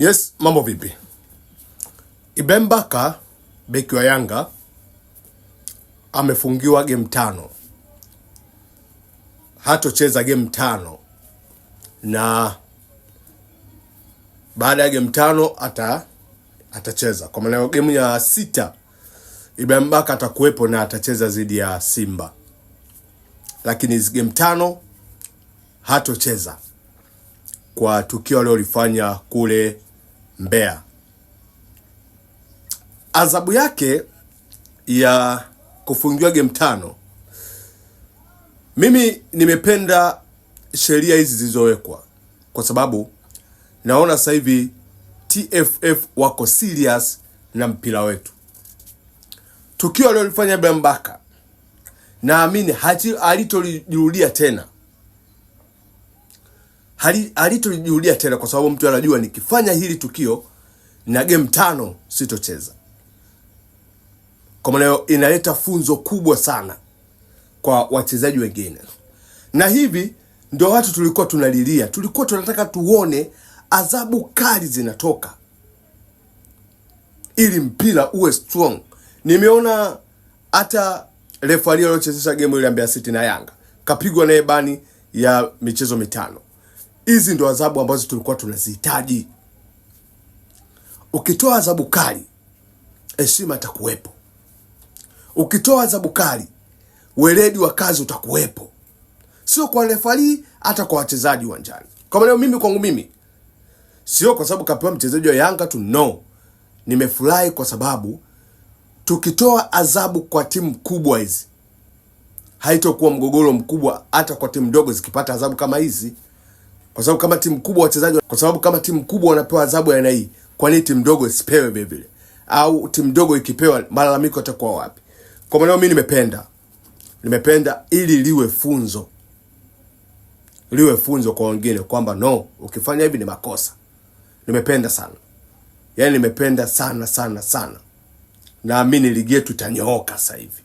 Yes, mambo vipi? Ibrahim beki wa Yanga amefungiwa game tano, hatocheza game tano, na baada ya game tano ata atacheza kwa maana game ya sita Ibrahim atakuepo atakuwepo na atacheza dhidi ya Simba, lakini game tano hatocheza kwa tukio aliolifanya kule Mbeya. Adhabu yake ya kufungiwa game tano, mimi nimependa sheria hizi zilizowekwa kwa sababu naona sasa hivi TFF wako serious na mpira wetu. Tukio alilofanya Bembaka naamini halitolijirudia tena halitujirudia tena, kwa sababu mtu anajua nikifanya hili tukio na game tano sitocheza. Kwa maana hiyo inaleta funzo kubwa sana kwa wachezaji wengine, na hivi ndio watu tulikuwa tunalilia, tulikuwa tunataka tuone adhabu kali zinatoka ili mpira uwe strong. Nimeona hata refari aliochezesha game ile ya Mbeya City na Yanga kapigwa naye bani ya michezo mitano. Hizi ndo adhabu ambazo tulikuwa tunazihitaji. Ukitoa adhabu kali, heshima itakuwepo. Ukitoa adhabu kali, weledi wa kazi utakuwepo, sio kwa refari, hata kwa wachezaji uwanjani. Kwa maana mimi kwangu mimi, sio kwa sababu kapewa mchezaji wa Yanga tu, no. Nimefurahi kwa sababu tukitoa adhabu kwa timu kubwa hizi haitokuwa mgogoro mkubwa, hata kwa timu ndogo zikipata adhabu kama hizi. Kwa sababu kama timu kubwa wachezaji, kwa sababu kama timu kubwa wanapewa adhabu ya aina hii, kwa nini timu ndogo isipewe vile vile? Au timu ndogo ikipewa, malalamiko yatakuwa wapi? Kwa maana mimi nimependa, nimependa ili liwe funzo, liwe funzo kwa wengine kwamba no, ukifanya hivi ni makosa. Nimependa sana, yani, nimependa sana sana sana. Naamini ligi yetu itanyooka sasa hivi.